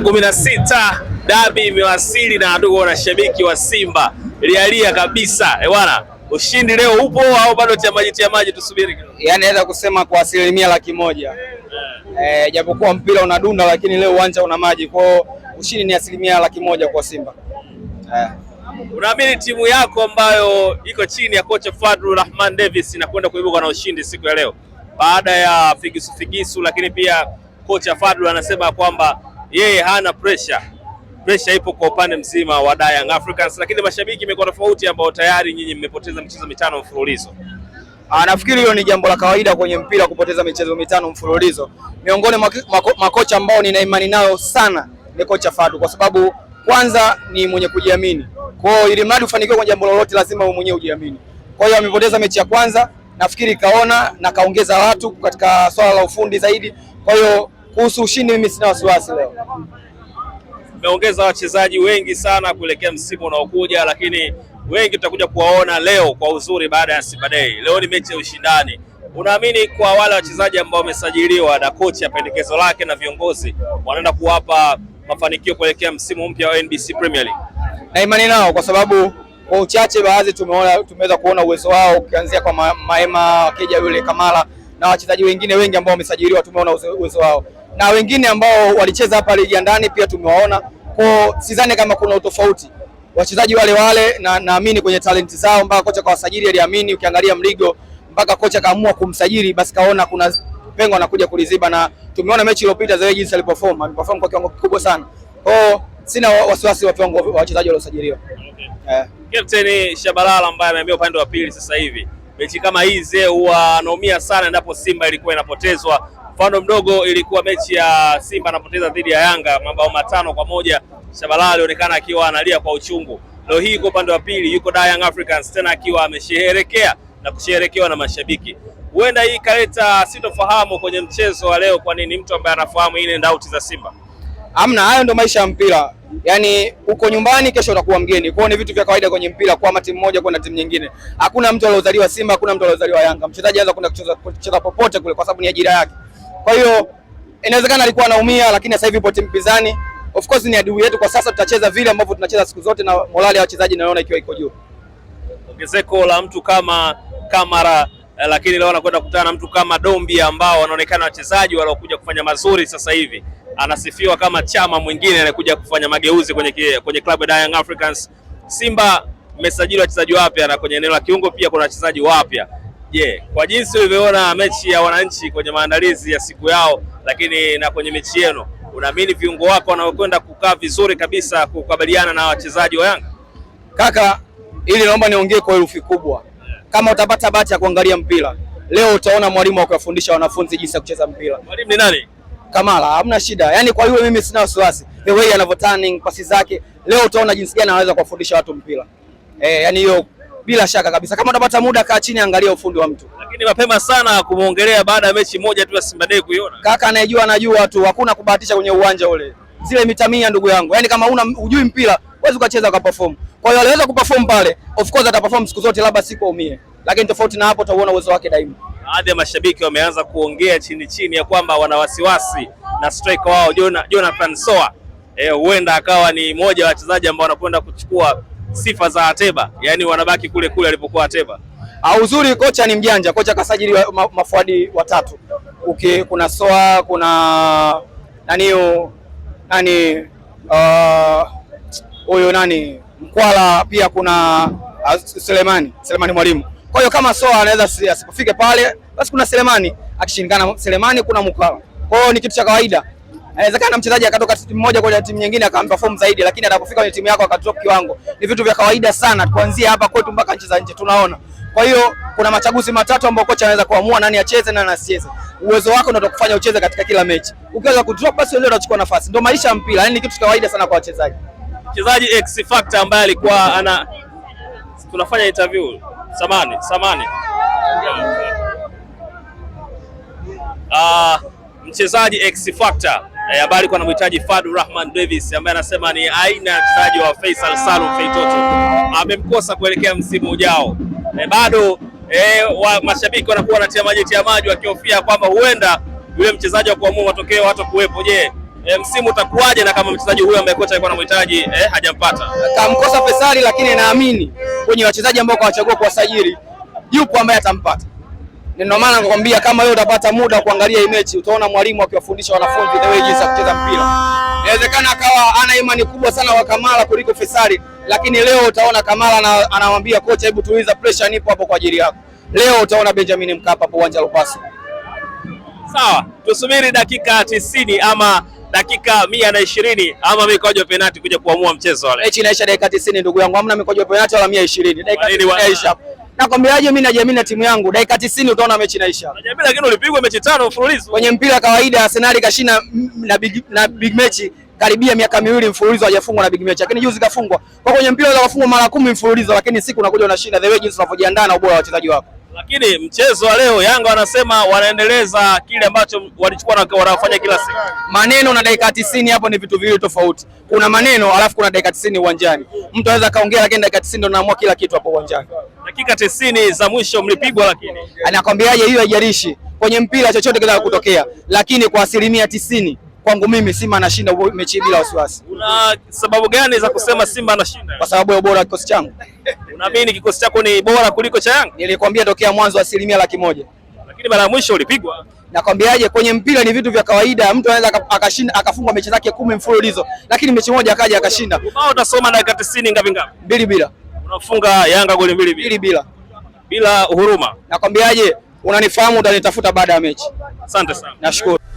Tarehe kumi na sita dabi imewasili na ndugu na shabiki wa Simba lialia kabisa. Eh bwana, ushindi leo upo au bado tia maji tia maji, tusubiri kidogo? Yani naweza kusema kwa asilimia laki moja yeah. E, japokuwa mpira unadunda lakini leo uwanja una maji, kwao ushindi ni asilimia laki moja kwa Simba yeah. Unaamini timu yako ambayo iko chini ya kocha Fadlu Rahman Davis inakwenda kuibuka na ushindi siku ya leo baada ya figisu figisu, lakini pia kocha Fadlu anasema kwamba yeye hana pressure. Pressure ipo kwa upande mzima wa Young Africans, lakini mashabiki imekuwa tofauti, ambao tayari nyinyi mmepoteza michezo mitano mfululizo. Ah, nafikiri hilo ni jambo la kawaida kwenye mpira kupoteza michezo mitano mfululizo. Miongoni mwa kocha makocha ambao nina imani nayo sana ni kocha Fadu, kwa sababu kwanza ni mwenye kujiamini. Kwa hiyo ili mradi ufanikiwe kwenye jambo lolote, lazima wewe mwenyewe ujiamini. Kwa hiyo amepoteza mechi ya kwanza, nafikiri kaona na kaongeza watu katika swala la ufundi zaidi, kwa hiyo kuhusu ushindi, mimi sina wasiwasi leo. umeongeza wachezaji wengi sana kuelekea msimu unaokuja, lakini wengi tutakuja kuwaona leo kwa uzuri baada ya Simba Day. Leo ni mechi ya ushindani. Unaamini kwa wale wachezaji ambao wamesajiliwa na kocha pendekezo lake na viongozi wanaenda kuwapa mafanikio kuelekea msimu mpya wa NBC Premier League? Na imani nao kwa sababu kwa uchache baadhi tumeona tumeweza kuona uwezo wao ukianzia kwa Maema, wakija yule Kamala na wachezaji wengine wengi ambao wamesajiliwa tumeona uwezo wao, na wengine ambao walicheza hapa ligi ya ndani pia tumewaona. Kwa sidhani kama kuna utofauti, wachezaji wale wale, na naamini kwenye talenti zao, mpaka kocha kawasajili aliamini. Ukiangalia Mligo mpaka kocha kaamua kumsajili, basi kaona kuna pengo anakuja kuliziba, na tumeona mechi iliyopita zaidi jinsi aliperform, ameperform kwa kiwango kikubwa sana. Kwa sina wasiwasi wa wa wachezaji waliosajiliwa. Okay. Yeah. Captain Shabalala ambaye ameambia upande wa pili sasa hivi mechi kama zee huwa anaumia sana endapo Simba ilikuwa inapotezwa. Mfano mdogo ilikuwa mechi ya Simba anapoteza dhidi ya Yanga mabao matano kwa moja. Shabalala alionekana akiwa analia kwa uchungu. Leo hii kwa upande wa pili yuko da Young Africans tena akiwa amesherehekea na kusherehekewa na mashabiki. Huenda hii ikaleta sitofahamu kwenye mchezo wa leo, kwa nini mtu ambaye anafahamu ile ndauti za Simba Amna, hayo ndo maisha ya mpira. Yaani uko nyumbani, kesho utakuwa mgeni. Kwao ni vitu vya kawaida kwenye mpira, kwa timu moja kwenda timu nyingine. Hakuna mtu aliozaliwa Simba, hakuna mtu aliozaliwa Yanga. Mchezaji anaweza kwenda kucheza, kucheza popote kule kwa sababu ni ajira yake. Kwa hiyo inawezekana alikuwa anaumia, lakini sasa hivi ipo timu pinzani. Of course ni adui yetu kwa sasa, tutacheza vile ambavyo tunacheza siku zote na morale ya wachezaji naona ikiwa iko juu. Ongezeko la mtu kama Kamara Eh, lakini leo anakwenda kukutana na mtu kama Dombi ambao wanaonekana wachezaji waliokuja kufanya mazuri sasa hivi. Anasifiwa kama chama mwingine anakuja kufanya mageuzi kwenye, kwenye klabu ya Young Africans. Simba mmesajili wachezaji wapya na kwenye eneo la kiungo pia kuna wachezaji wapya. Je, yeah, kwa jinsi ulivyoona mechi ya wananchi kwenye maandalizi ya siku yao, lakini na kwenye mechi yenu, unaamini viungo wako wanaokwenda kukaa vizuri kabisa kukabiliana na wachezaji wa Yanga? Kaka, ili naomba niongee kwa herufi kubwa kama utapata bahati ya kuangalia mpira leo, utaona mwalimu akiwafundisha wanafunzi jinsi ya kucheza mpira. Mwalimu ni nani? Kamala, hamna shida. Yaani kwa yule mimi sina wasiwasi, the way anavyo turning pasi zake leo, utaona jinsi gani anaweza kuwafundisha watu mpira eh, yani hiyo bila shaka kabisa. Kama utapata muda, kaa chini, angalia ufundi wa mtu, lakini mapema sana kumuongelea baada ya mechi moja tu ya Simba Day kuiona. Kaka anayejua anajua tu, hakuna kubahatisha kwenye uwanja ule, zile mitamia, ndugu yangu. Yaani kama una ujui mpira huwezi ukacheza ukaperform. Kwa hiyo aliweza kuperform pale, of course ataperform siku zote, labda siku aumie, lakini tofauti na hapo utauona uwezo wake daima. Baadhi ya mashabiki wameanza kuongea chini chini ya kwamba wana wasiwasi na striker wao Jonathan Soa e, huenda eh, akawa ni mmoja wa wachezaji ambao wanakwenda kuchukua sifa za Ateba, yaani wanabaki kule kule alipokuwa Ateba. Uzuri kocha ni mjanja, kocha kasajili wa, ma, mafuadi watatu okay, kuna Soa kuna nani nani uh, huyu nani Mkwala, pia kuna ah, Selemani Selemani Mwalimu. Kwa hiyo kama Soa anaweza asipofike pale, basi kuna Selemani akishindikana, Selemani kuna Mkwala. Kwa hiyo ni kitu cha kawaida. Inawezekana mchezaji akatoka timu moja kwenda timu nyingine akamperform zaidi, lakini anapofika kwenye timu yako akatoka kiwango, ni vitu vya kawaida sana, kuanzia hapa kwetu mpaka nchi za nje tunaona. Kwa hiyo kuna machaguzi matatu ambayo kocha anaweza kuamua nani acheze na nani asicheze. Uwezo wako ndio utakufanya ucheze katika kila mechi. Ukiweza kudrop, basi wewe unachukua nafasi. Ndio maisha ya mpira, yani ni kitu cha kawaida sana kwa wachezaji mchezaji X Factor ambaye alikuwa ana tunafanya interview samani samani Uh, mchezaji X Factor eh, ambaye alikuwa anamhitaji Fadu Rahman Davis ambaye anasema ni aina ya mchezaji wa Faisal Salum Feitoto amemkosa kuelekea msimu ujao. E, bado eh, wa, mashabiki wanakuwa wanatia maji tia maji wakihofia kwamba huenda yule mchezaji wa kuamua matokeo hata kuwepo. Je, e, msimu utakuwaje na kama mchezaji huyo ambaye kocha alikuwa anamhitaji eh, hajampata? Kamkosa Fesali, lakini naamini kwenye wachezaji ambao kawachagua kuwasajili yupo ambaye atampata. Ndio maana nakwambia kama wewe utapata muda kuangalia hii mechi utaona mwalimu akiwafundisha wanafunzi na wewe jinsi ya kucheza mpira. Inawezekana akawa ana imani kubwa sana kwa Kamala kuliko Fesali, lakini leo utaona Kamala anamwambia kocha, hebu tuliza pressure, nipo hapo kwa ajili yako. Leo utaona Benjamin Mkapa hapo uwanja wa Lupaso sawa, tusubiri dakika tisini ama dakika mia na ishirini ama mikojo penati kuja kuamua mchezo wale. Mechi inaisha dakika tisini ndugu yangu, hamna mikojo penati wala mia ishirini dakika inaisha. Nakwambiaje, mimi najiamini na timu yangu, dakika tisini utaona mechi inaisha. Najiamini, lakini ulipigwa mechi tano mfululizo. Kwenye mpira kawaida, Arsenal kashinda na big, na big match karibia miaka miwili mfululizo hajafungwa na big match, lakini juzi kafungwa. Kwa kwenye mpira unaweza kufungwa mara kumi mfululizo, lakini siku unakuja unashinda, the way jinsi unavyojiandaa na ubora wa wachezaji wako. Lakini mchezo wa leo Yanga wanasema wanaendeleza kile ambacho walichukua na wanafanya kila siku. Maneno na dakika 90 hapo ni vitu viwili tofauti. Kuna maneno alafu kuna dakika 90 uwanjani. Mtu anaweza kaongea, lakini dakika 90 ndio naamua kila kitu hapo uwanjani. Dakika 90 za mwisho mlipigwa, lakini anakwambiaje, hiyo haijalishi kwenye mpira, chochote kinaweza kutokea, lakini kwa asilimia tisini kwangu mimi Simba anashinda mechi bila wasiwasi. Una sababu gani za kusema Simba anashinda? Kwa sababu ya ubora wa kikosi changu. Unaamini kikosi chako ni bora kuliko cha Yanga? Nilikwambia tokea mwanzo asilimia laki moja. Lakini mara ya mwisho ulipigwa. Nakwambiaje, kwenye mpira ni vitu vya kawaida, mtu anaweza akashinda akafunga mechi zake kumi mfululizo, lakini mechi moja akaja akashinda. Ubao utasoma dakika 90 ngapi ngapi? Mbili bila. Unafunga Yanga goli mbili bila. bila. Bila huruma. Nakwambiaje, unanifahamu, utanitafuta baada ya mechi. Asante sana. Nashukuru.